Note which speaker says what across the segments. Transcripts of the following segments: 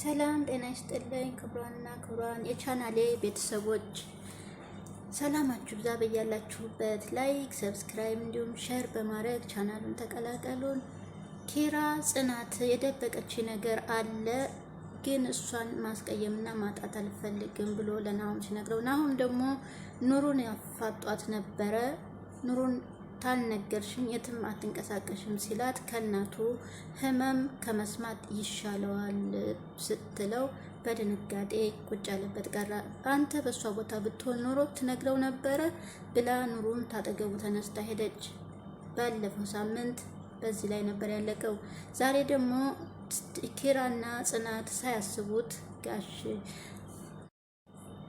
Speaker 1: ሰላም ጤና ይስጥልኝ። ክብሯንና ክብሯን የቻናሌ ቤተሰቦች ሰላማችሁ ብዛ በያላችሁበት። ላይክ፣ ሰብስክራይብ እንዲሁም ሸር በማድረግ ቻናሉን ተቀላቀሉን። ኪራ ጽናት የደበቀች ነገር አለ ግን እሷን ማስቀየምና ማጣት አልፈልግም ብሎ ለናሁም ሲነግረው ናሁም ደግሞ ኑሩን ያፋጧት ነበረ ኑሩን ታልነገርሽኝ የትም አትንቀሳቀሽም ሲላት ከእናቱ ህመም ከመስማት ይሻለዋል ስትለው በድንጋጤ ቁጭ ያለበት ቀረ። አንተ በእሷ ቦታ ብትሆን ኖሮ ትነግረው ነበረ ብላ ኑሩም ታጠገቡ ተነስታ ሄደች። ባለፈው ሳምንት በዚህ ላይ ነበር ያለቀው። ዛሬ ደግሞ ኪራና ጽናት ሳያስቡት ጋሽ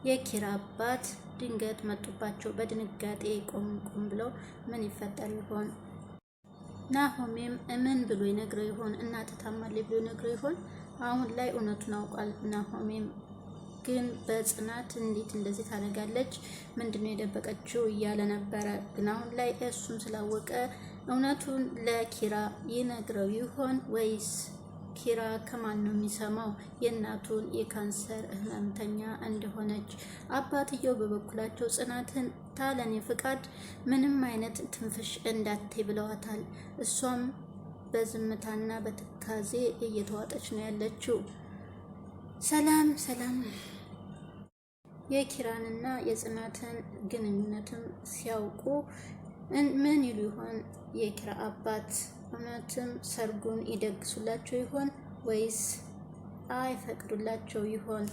Speaker 1: የኪራ አባት ድንገት መጡባቸው። በድንጋጤ ቆም ቆም ብለው ምን ይፈጠር ይሆን? ናሆሜም ምን ብሎ ይነግረው ይሆን? እናት ታማለች ብሎ ይነግረው ይሆን? አሁን ላይ እውነቱን አውቋል። ናሆሜም ግን በጽናት እንዴት እንደዚህ ታደርጋለች? ምንድነው የደበቀችው እያለ ነበረ። ግን አሁን ላይ እሱም ስላወቀ እውነቱን ለኪራ ይነግረው ይሆን ወይስ ኪራ ከማን ነው የሚሰማው? የእናቱን የካንሰር ህመምተኛ እንደሆነች። አባትየው በበኩላቸው ጽናትን ታለኔ ፍቃድ ምንም አይነት ትንፍሽ እንዳትይ ብለዋታል። እሷም በዝምታና በትካዜ እየተዋጠች ነው ያለችው። ሰላም ሰላም የኪራንና የጽናትን ግንኙነትም ሲያውቁ ምን ይሉ ይሆን የኪራ አባት? እውነትም ሰርጉን ይደግሱላቸው ይሆን ወይስ አይፈቅዱላቸው ይሆን?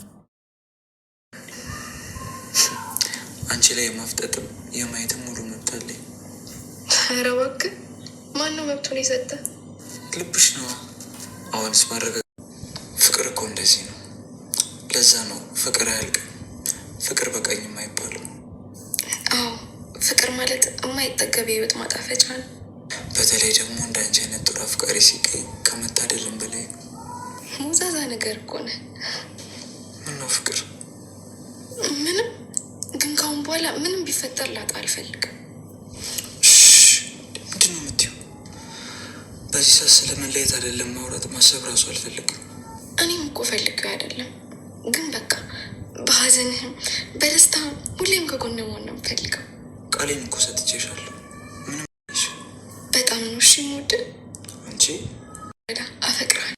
Speaker 2: አንቺ ላይ የማፍጠጥም የማየትም ሙሉ መብት አለኝ።
Speaker 3: ኧረ እባክህ ማነው መብቱን የሰጠ?
Speaker 2: ልብሽ ነው። አሁንስ ማረጋገጥ ፍቅር እኮ እንደዚህ ነው። ለዛ ነው ፍቅር አያልቅም፣ ፍቅር በቀኝ አይባልም።
Speaker 3: አዎ ፍቅር ማለት የማይጠገብ የህይወት ማጣፈጫ ነው።
Speaker 2: በተለይ ደግሞ እንዳንቺ አይነት ጥሩ አፍቃሪ ሲገኝ ከመታደልም በላይ
Speaker 3: ሙዛዛ ነገር እኮ ነህ። ምነው ፍቅር ምንም ግን ካሁን በኋላ ምንም ቢፈጠር ላጣ አልፈልግም።
Speaker 2: ምንድን ነው የምትይው? በዚህ ሰዓት ስለመለየት አይደለም ማውራት ማሰብ ራሱ አልፈልግም።
Speaker 3: እኔም እኮ ፈልገው አይደለም ግን በቃ በሀዘንህም በደስታም ሁሌም ከጎን መሆን ነው የምፈልገው።
Speaker 2: ቃሌን እኮ ሰጥቼሻለሁ።
Speaker 3: አፈቀርሽኝ አንቺ አፈቅራለሁ።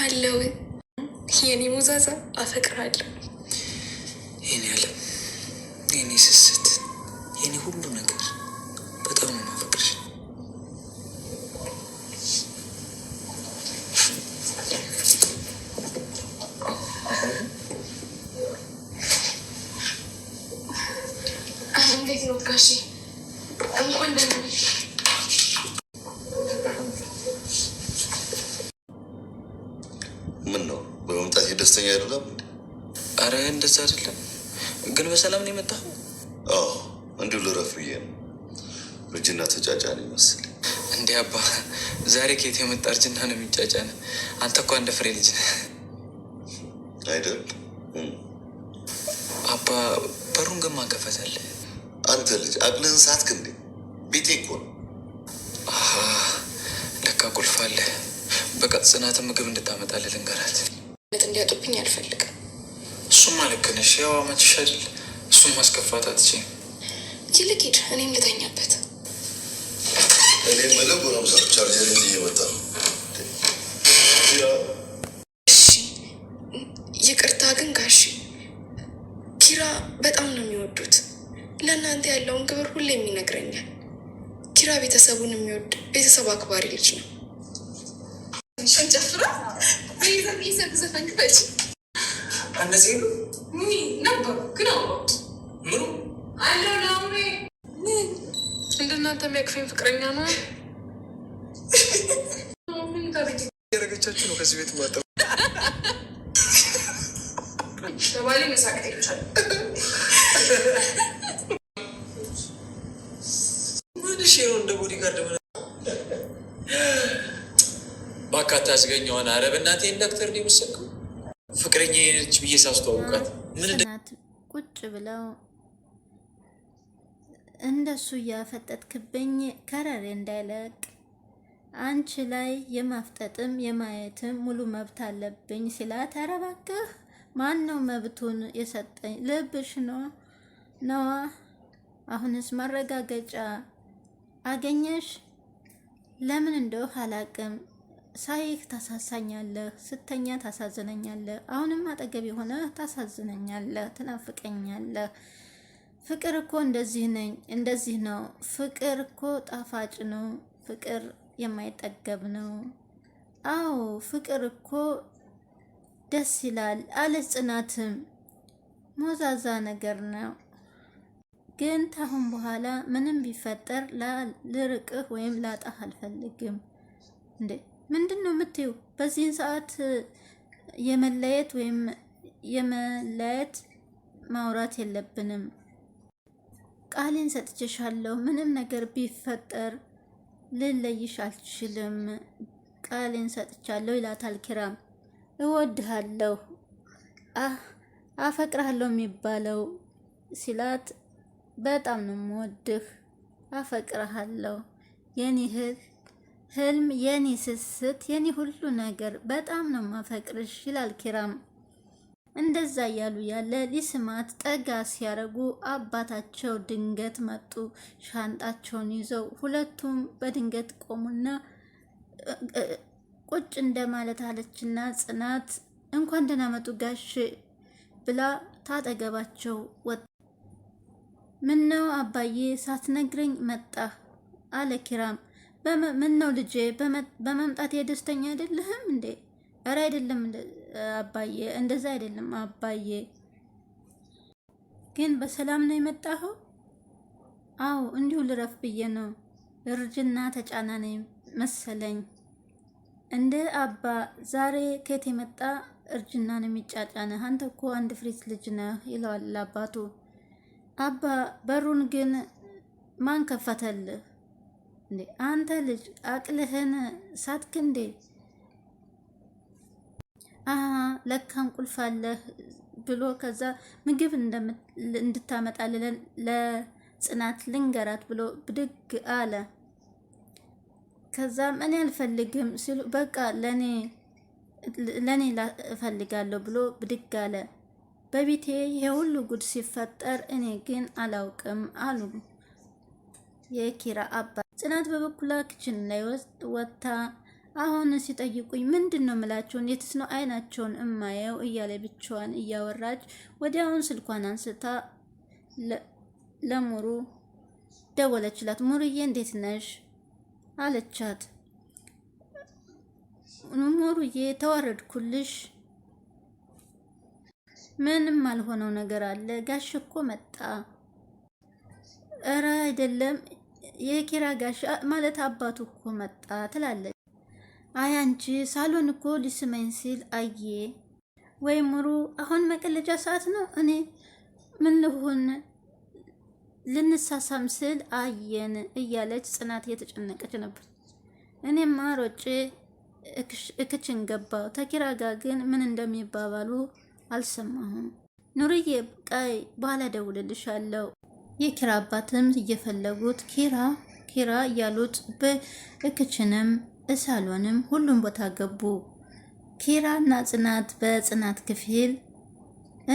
Speaker 3: አለው የኔ ሙዛዛ አፈቅራለሁ።
Speaker 2: ይህን የኔ ስስት የኔ ሁሉ ነገር እንደዛ አይደለም። ግን በሰላም ነው የመጣው?
Speaker 4: አዎ እንዲሁ ልረፍ ብዬ ነው። እርጅና ተጫጫን ይመስል
Speaker 2: እንዴ? አባ ዛሬ ከየት የመጣ እርጅና ነው የሚጫጫን? አንተ እኮ እንደ ፍሬ ልጅ ነህ አይደል? አባ በሩን ግን ማን ከፈተልህ?
Speaker 4: አንተ ልጅ አቅልህን ሳትክ እንዴ? ቤቴ እኮ ነው።
Speaker 2: ለካ ቁልፍ አለ። በቃ ጽናትን ምግብ እንድታመጣልህ ልንገራት።
Speaker 3: እንዲያጡብኝ አልፈልግም
Speaker 2: እሱማ ልክ ነሽ። ያው አመችሻል። እሱን ማስከፋት አትችይም።
Speaker 3: ይልቅ ሂድ፣ እኔም ልተኛበት።
Speaker 4: እኔ ምልብ ነው ቻርጀር እየመጣ ነው።
Speaker 3: እሺ ይቅርታ ግን ጋሺ ኪራ በጣም ነው የሚወዱት። ለእናንተ ያለውን ክብር ሁሌም ይነግረኛል። ኪራ ቤተሰቡን የሚወድ ቤተሰብ አክባሪ ልጅ ነው። ጨፍራ ዘፈን ክፈች እነዚህ ነበሩ ግን አውራት ምኑ አለው ለአምሬ እንደናንተ የሚያቅፈኝ ፍቅረኛ ነው።
Speaker 4: ያደረገቻችሁ ነው ከዚህ ቤት ማጠ
Speaker 3: ባሌ መሳቅ ይቻል
Speaker 4: ምንሽ ነው እንደ ቦዲጋርድ ባካታ ያስገኘ ሆነ አረብ እናቴን ዶክተር ሊመሰኩ ፍቅረኛ የነች ብዬ ሳስተዋውቃት
Speaker 1: ጽናት ቁጭ ብለው እንደሱ እያፈጠጥክብኝ ከረሬ እንዳይለቅ አንቺ ላይ የማፍጠጥም የማየትም ሙሉ መብት አለብኝ ሲላት፣ ኧረ እባክህ ማን ነው መብቱን የሰጠኝ? ልብሽ ነው ነዋ። አሁንስ ማረጋገጫ አገኘሽ? ለምን እንደው አላቅም ሳይህ ታሳሳኛለህ፣ ስተኛ ታሳዝነኛለህ፣ አሁንም አጠገብ የሆነ ታሳዝነኛለህ፣ ትናፍቀኛለህ። ፍቅር እኮ እንደዚህ ነኝ እንደዚህ ነው። ፍቅር እኮ ጣፋጭ ነው። ፍቅር የማይጠገብ ነው። አዎ ፍቅር እኮ ደስ ይላል አለች ጽናትም። ሞዛዛ ነገር ነው ግን ታሁን በኋላ ምንም ቢፈጠር ልርቅህ ወይም ላጣህ አልፈልግም እንዴ ምንድን ነው የምትዩ? በዚህን ሰዓት የመለየት ወይም የመለየት ማውራት የለብንም። ቃሌን ሰጥቼሻለሁ። ምንም ነገር ቢፈጠር ልለይሽ አልችልም። ቃሌን ሰጥቻለሁ ይላታል ኪራም። እወድሃለሁ፣ አፈቅርሃለሁ የሚባለው ሲላት በጣም ነው የምወድህ፣ አፈቅርሃለሁ የኔ እህት ህልም የኔ ስስት የኔ ሁሉ ነገር በጣም ነው ማፈቅርሽ ይላል ኪራም። እንደዛ እያሉ ያለ ሊስማት ጠጋ ሲያደርጉ አባታቸው ድንገት መጡ ሻንጣቸውን ይዘው። ሁለቱም በድንገት ቆሙና ቁጭ እንደማለት አለችና ጽናት እንኳን ደህና መጡ ጋሽ ብላ ታጠገባቸው ወጣ። ምነው አባዬ ሳትነግረኝ መጣህ አለ ኪራም። ምን ነው ልጄ በመምጣት የደስተኛ አይደለህም እንዴ? ኧረ አይደለም አባዬ፣ እንደዛ አይደለም አባዬ። ግን በሰላም ነው የመጣኸው? አዎ እንዲሁ ልረፍ ብዬ ነው። እርጅና ተጫና ነኝ መሰለኝ። እንደ አባ ዛሬ ከየት የመጣ እርጅና ነው የሚጫጫነህ? አንተ እኮ አንድ ፍሪት ልጅ ነህ ይለዋል አባቱ። አባ በሩን ግን ማን ከፈተልህ? እንዴ አንተ ልጅ አቅልህን ሳትክ እንዴ? አሀ ለካን ቁልፍ አለህ ብሎ ከዛ ምግብ እንድታመጣልለን ለጽናት ልንገራት ብሎ ብድግ አለ። ከዛ እኔ አልፈልግም ሲሉ በቃ ለኔ ለኔ እፈልጋለሁ ብሎ ብድግ አለ። በቤቴ የሁሉ ጉድ ሲፈጠር እኔ ግን አላውቅም አሉ የኪራ አባ ጽናት በበኩላ ክችን ላይ ወጥታ አሁን ሲጠይቁኝ ምንድን ነው ምላቸውን የትስ ነው አይናቸውን እማየው እያለ ብቻዋን እያወራች ወዲያውን ስልኳን አንስታ ለሙሩ ደወለችላት። ሙሩዬ እንዴት ነሽ አለቻት። ሙሩዬ ተዋረድኩልሽ፣ ምንም አልሆነው ነገር አለ ጋሽ እኮ መጣ። እረ አይደለም የኪራ ጋሽ ማለት አባቱ እኮ መጣ ትላለች። አይ አንቺ ሳሎን እኮ ሊስመኝ ሲል አየ ወይ ሙሩ፣ አሁን መቀለጃ ሰዓት ነው። እኔ ምን ልሁን ልንሳሳም ስል አየን እያለች ጽናት እየተጨነቀች ነበር። እኔማ ሮጬ እክችን ገባው። ተኪራ ጋ ግን ምን እንደሚባባሉ አልሰማሁም። ኑርዬ፣ ቀይ በኋላ ደውልልሻለሁ የኪራ አባትም እየፈለጉት ኪራ ኪራ እያሉት በክችንም እሳሎንም ሁሉም ቦታ ገቡ። እና ጽናት በጽናት ክፍል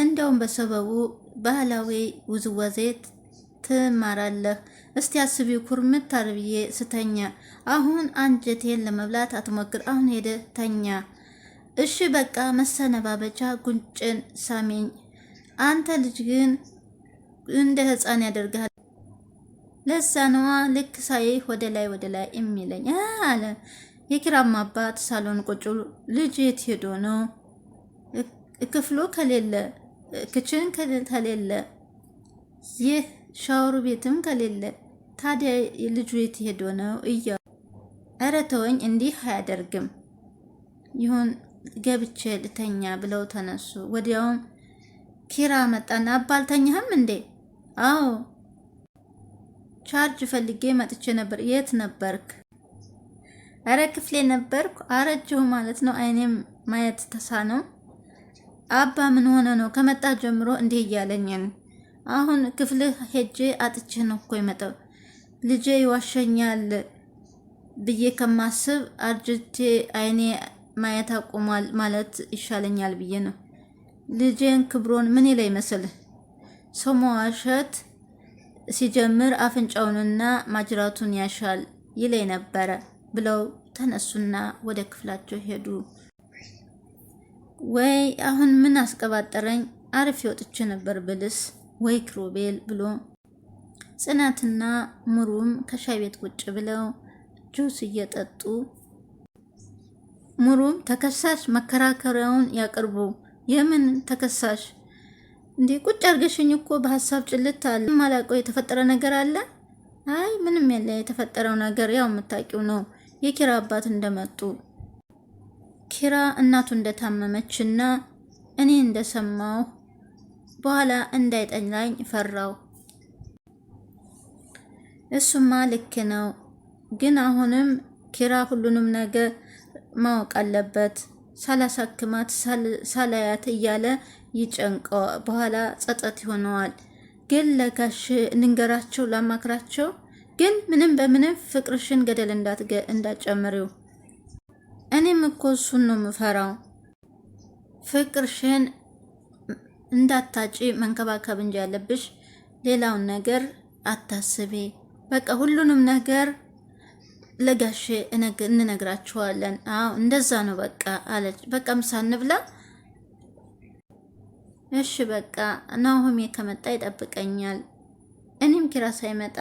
Speaker 1: እንደውም በሰበቡ ባህላዊ ውዝዋዜ ትማራለህ እስቲ አስቢ ኩርምት አርብዬ ስተኛ። አሁን አንጀቴን ለመብላት አትሞክር። አሁን ሄደ ተኛ። እሺ በቃ መሰነባበቻ ጉንጭን ሳሚኝ። አንተ ልጅ ግን እንደ ህፃን ያደርግሃል። ለዛ ነዋ ልክ ሳይህ ወደ ላይ ወደ ላይ የሚለኝ አለ። የኪራም አባት ሳሎን ቁጭ ልጅ የት ሄዶ ነው? ክፍሉ ከሌለ ክችን ከሌለ ይህ ሻወሩ ቤትም ከሌለ ታዲያ ልጁ የት ሄዶ ነው እያ ኧረ ተወኝ፣ እንዲህ አያደርግም። ይሁን ገብቼ ልተኛ ብለው ተነሱ። ወዲያውም ኪራ መጣና አባልተኛህም እንዴ አዎ ቻርጅ ፈልጌ መጥቼ ነበር። የት ነበርክ? አረ ክፍሌ ነበርኩ። አረጀሁ ማለት ነው። አይኔም ማየት ተሳነው። አባ ምን ሆነ ነው? ከመጣ ጀምሮ እንዲህ እያለኝ ነው። አሁን ክፍልህ ሄጄ አጥቼ ነው እኮ የመጣው። ልጄ ይዋሸኛል ብዬ ከማስብ አርጅቼ አይኔ ማየት አቁሟል ማለት ይሻለኛል ብዬ ነው። ልጄን ክብሮን ምን ይለ ይመስልህ? ሰው መዋሸት ሲጀምር አፍንጫውንና ማጅራቱን ያሻል ይለኝ ነበረ ብለው ተነሱና ወደ ክፍላቸው ሄዱ። ወይ አሁን ምን አስቀባጠረኝ፣ አርፌ ወጥቼ ነበር ብልስ፣ ወይ ክሮቤል ብሎ ጽናትና ሙሩም ከሻይ ቤት ቁጭ ብለው ጁስ እየጠጡ ሙሩም ተከሳሽ መከራከሪያውን ያቅርቡ። የምን ተከሳሽ እንዴ ቁጭ አርገሽኝ እኮ በሀሳብ ጭልት አለ ማላውቀው የተፈጠረ ነገር አለ። አይ ምንም የለ። የተፈጠረው ነገር ያው የምታውቂው ነው። የኪራ አባት እንደመጡ ኪራ እናቱ እንደታመመችና እኔ እንደሰማው በኋላ እንዳይጠላኝ ፈራው። እሱማ ልክ ነው፣ ግን አሁንም ኪራ ሁሉንም ነገር ማወቅ አለበት። ሳላሳክማት ሳላያት እያለ ይጨንቀው በኋላ ጸጸት ይሆነዋል። ግን ለጋሽ ንንገራቸው ላማክራቸው፣ ግን ምንም በምንም ፍቅርሽን ገደል እንዳጨምሪው። እኔም እኮ እሱን ነው የምፈራው። ፍቅርሽን እንዳታጪ መንከባከብ እንጂ ያለብሽ ሌላውን ነገር አታስቤ። በቃ ሁሉንም ነገር ለጋሼ እንነግራችኋለን። አዎ እንደዛ ነው በቃ አለች። በቃ ምሳ እንብላ እሺ በቃ ናሆሜ ከመጣ ይጠብቀኛል፣ እኔም ኪራ ሳይመጣ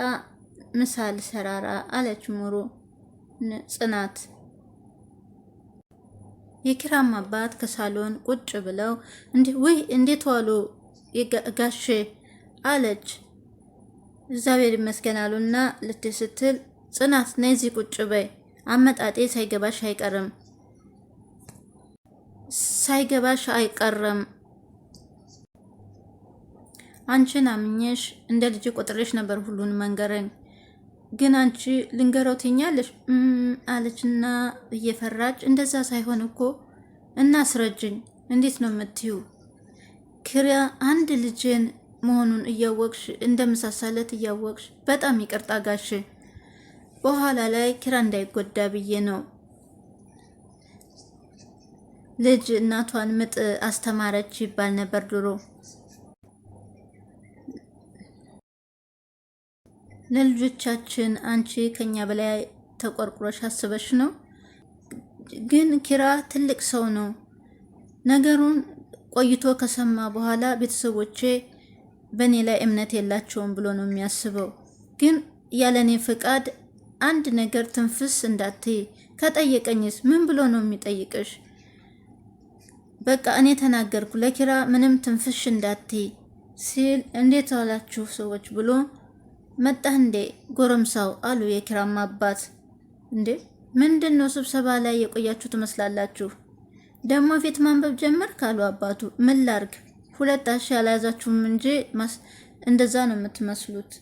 Speaker 1: ምሳ ልሰራራ አለች ሙሩ ጽናት። የኪራም አባት ከሳሎን ቁጭ ብለው ውይ እንዴት ዋሉ ጋሼ አለች። እግዚአብሔር ይመስገን አሉና ልትስትል ጽናት ነይ እዚህ ቁጭ በይ። አመጣጤ ሳይገባሽ አይቀርም ሳይገባሽ አይቀርም። አንቺን አምኜሽ እንደ ልጅ ቆጥሬሽ ነበር ሁሉን መንገረኝ። ግን አንቺ ልንገረው ትኛለሽ አለችና እየፈራች እንደዛ ሳይሆን እኮ እና እናስረጅኝ እንዴት ነው የምትዩ? ክሪያ አንድ ልጅን መሆኑን እያወቅሽ እንደምሳሳለት እያወቅሽ በጣም ይቅርጣ በኋላ ላይ ኪራ እንዳይጎዳ ብዬ ነው። ልጅ እናቷን ምጥ አስተማረች ይባል ነበር ድሮ። ለልጆቻችን አንቺ ከኛ በላይ ተቆርቁሮሽ አስበሽ ነው። ግን ኪራ ትልቅ ሰው ነው። ነገሩን ቆይቶ ከሰማ በኋላ ቤተሰቦቼ በእኔ ላይ እምነት የላቸውም ብሎ ነው የሚያስበው። ግን ያለኔ ፍቃድ አንድ ነገር ትንፍስ እንዳትይ። ከጠየቀኝስ ምን ብሎ ነው የሚጠይቅሽ? በቃ እኔ ተናገርኩ ለኪራ ምንም ትንፍሽ እንዳትይ ሲል እንዴት ዋላችሁ ሰዎች ብሎ መጣህ እንዴ ጎረምሳው አሉ የኪራማ አባት። እንዴ ምንድን ነው ስብሰባ ላይ የቆያችሁ ትመስላላችሁ። ደግሞ ፊት ማንበብ ጀመርክ አሉ አባቱ። ምን ላርግ ሁለት አሻ ያልያዛችሁም እንጂ እንደዛ ነው የምትመስሉት።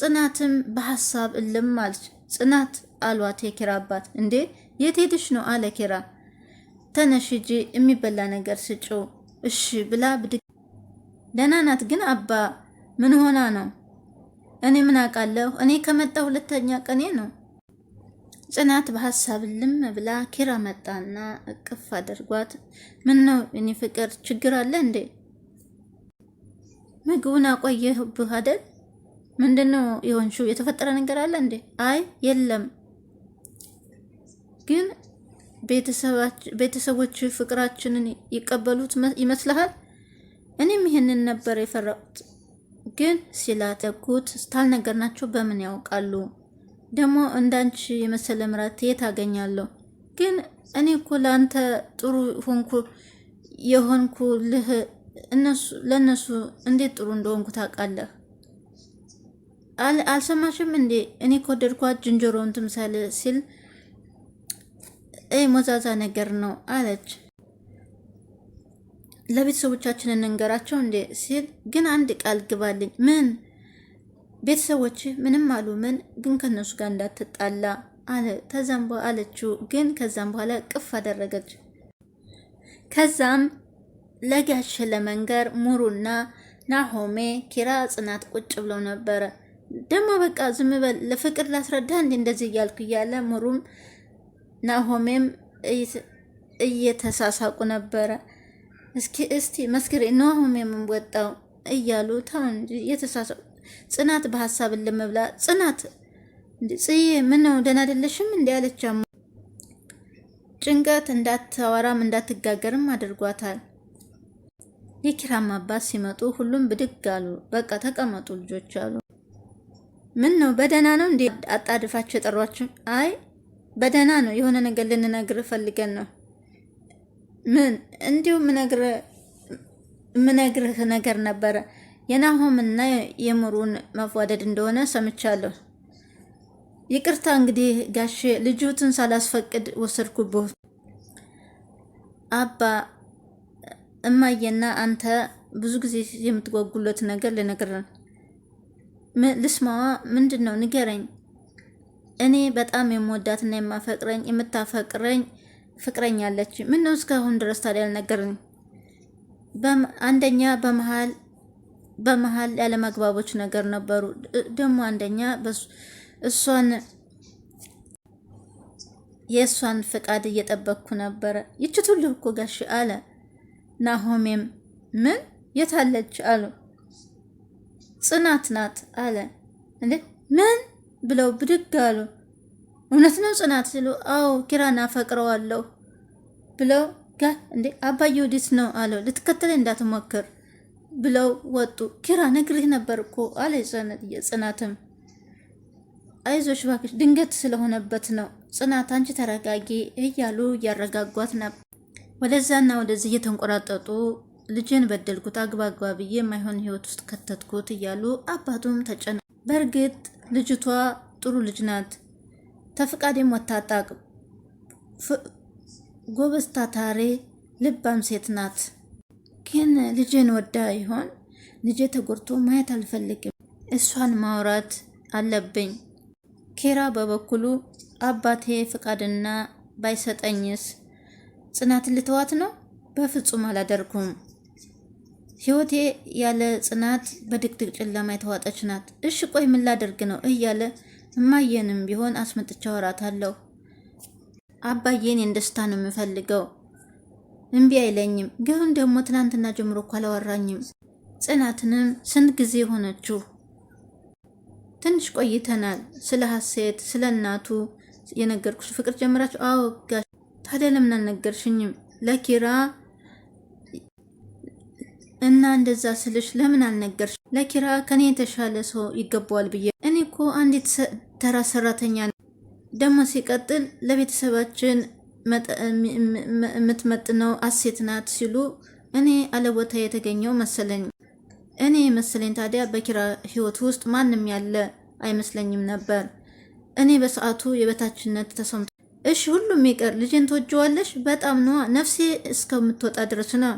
Speaker 1: ጽናትም በሀሳብ እልም አለች። ጽናት አሏት የኪራ አባት። እንዴ የት ሄድሽ ነው አለ ኪራ። ተነሽ ሂጂ የሚበላ ነገር ስጪው እሺ ብላ ብድ ደህና ናት ግን አባ ምን ሆና ነው? እኔ ምን አውቃለሁ? እኔ ከመጣ ሁለተኛ ቀኔ ነው። ጽናት በሀሳብ ልም ብላ ኪራ መጣና እቅፍ አድርጓት፣ ምን ነው እኔ ፍቅር ችግር አለ እንዴ? ምግቡን አቆየሁብህ አደል? ምንድን ነው የሆንሽው? የተፈጠረ ነገር አለ እንዴ? አይ የለም። ግን ቤተሰቦች ፍቅራችንን ይቀበሉት ይመስልሃል? እኔም ይህንን ነበር የፈራሁት። ግን ሲላጠቁት ስታል ነገር ናቸው። በምን ያውቃሉ? ደግሞ እንዳንቺ የመሰለ ምራት የት አገኛለሁ? ግን እኔ እኮ ለአንተ ጥሩ ሆንኩ የሆንኩ ልህ ለእነሱ እንዴት ጥሩ እንደሆንኩ ታውቃለህ። አልሰማሽም እንዴ? እኔ ከወደድኳት ዝንጀሮውን ትምሳል ሲል ሞዛዛ ነገር ነው አለች። ለቤተሰቦቻችን እንንገራቸው እንዴ ሲል ግን አንድ ቃል ግባልኝ። ምን? ቤተሰቦች ምንም አሉ ምን? ግን ከነሱ ጋር እንዳትጣላ አለ። ተዛም አለችው። ግን ከዛም በኋላ ቅፍ አደረገች። ከዛም ለጋሽ ለመንገር ሙሩና ናሆሜ ኪራ ጽናት ቁጭ ብለው ነበረ። ደግሞ በቃ ዝም በል ለፍቅር ላስረዳ እንዲ እንደዚህ እያልኩ እያለ ምሩም ናሆሜም እየተሳሳቁ ነበረ። እስኪ እስቲ መስክሬ ናሆሜም ወጣው እያሉ ታው እንጂ እየተሳሳቁ ጽናት በሀሳብ ልምብላ ጽናት ጽዬ ምን ነው ደህና አይደለሽም? እንዲ ያለቻ ጭንቀት እንዳታወራም እንዳትጋገርም አድርጓታል። የኪራም አባት ሲመጡ ሁሉም ብድግ አሉ። በቃ ተቀመጡ ልጆች አሉ። ምን ነው በደህና ነው እንዴ? አጣድፋችሁ የጠሯችሁ? አይ በደህና ነው። የሆነ ነገር ልንነግር ፈልገን ነው። ምን እንዲሁ ምነግርህ ነገር ነበረ። የናሆም እና የምሩን መዋደድ እንደሆነ ሰምቻለሁ። ይቅርታ እንግዲህ ጋሼ፣ ልጅቱን ሳላስፈቅድ ወሰድኩብህ። አባ እማዬና አንተ ብዙ ጊዜ የምትጓጉለት ነገር ልነግርህ ልስማዋ ምንድን ነው ንገረኝ። እኔ በጣም የምወዳትና የማፈቅረኝ የምታፈቅረኝ ፍቅረኛ አለች። ምን ነው እስካሁን ድረስ ታዲያ አልነገርኝ? አንደኛ በመሀል በመሀል ያለመግባቦች ነገር ነበሩ። ደግሞ አንደኛ እሷን የእሷን ፍቃድ እየጠበቅኩ ነበረ። ይችቱልህ እኮ ጋሽ አለ ናሆሜም። ምን የታለች አሉ ጽናት ናት አለ። እንዴ ምን ብለው ብድግ አሉ። እውነት ነው ጽናት ሲሉ፣ አዎ ኪራን አፈቅረዋለሁ ብለው ጋ እንዴ አባዬ ወዴት ነው አለው። ልትከተል እንዳትሞክር ብለው ወጡ። ኪራ ነግሬህ ነበር እኮ አለ ጽናትም አይዞሽ እባክሽ ድንገት ስለሆነበት ነው ጽናት አንቺ ተረጋጊ እያሉ እያረጋጓት ነበር። ወደዛና ወደዚህ እየተንቆራጠጡ ልጄን በደልኩት፣ አግባ አግባ ብዬ የማይሆን ህይወት ውስጥ ከተትኩት እያሉ አባቱም ተጨነ። በእርግጥ ልጅቷ ጥሩ ልጅ ናት፣ ተፈቃዴም ወታጣቅ ጎበዝ፣ ታታሬ፣ ልባም ሴት ናት። ግን ልጄን ወዳ ይሆን? ልጄ ተጎድቶ ማየት አልፈልግም። እሷን ማውራት አለብኝ። ኬራ በበኩሉ አባቴ ፍቃድና ባይሰጠኝስ ጽናትን ልተዋት ነው? በፍጹም አላደርኩም። ህይወቴ ያለ ጽናት በድቅድቅ ጨለማ የተዋጠች ናት። እሽ ቆይ ምን ላደርግ ነው እያለ እማየንም ቢሆን አስመጥቻ ወራታለሁ። አባዬን የንደስታ ነው የምፈልገው። እምቢ አይለኝም። ግን ደግሞ ትናንትና ጀምሮ እኮ አላወራኝም። ጽናትንም ስንት ጊዜ የሆነችው? ትንሽ ቆይተናል። ስለ ሀሴት ስለ እናቱ የነገርኩሽ ፍቅር ጀምራችሁ? አዎ ጋሽ ታዲያ ለምን አልነገርሽኝም? ለኪራ እና እንደዛ ስልሽ ለምን አልነገርሽ? ለኪራ ከኔ የተሻለ ሰው ይገባዋል ብዬ እኔ እኮ አንዲት ተራ ሰራተኛ ደግሞ ሲቀጥል ለቤተሰባችን የምትመጥነው አሴት ናት ሲሉ እኔ አለቦታ የተገኘው መሰለኝ። እኔ መሰለኝ ታዲያ በኪራ ህይወት ውስጥ ማንም ያለ አይመስለኝም ነበር። እኔ በሰዓቱ የበታችነት ተሰምቶ እሺ፣ ሁሉም ይቀር ልጄን ትወጂዋለሽ? በጣም ነዋ፣ ነፍሴ እስከምትወጣ ድረስ ነው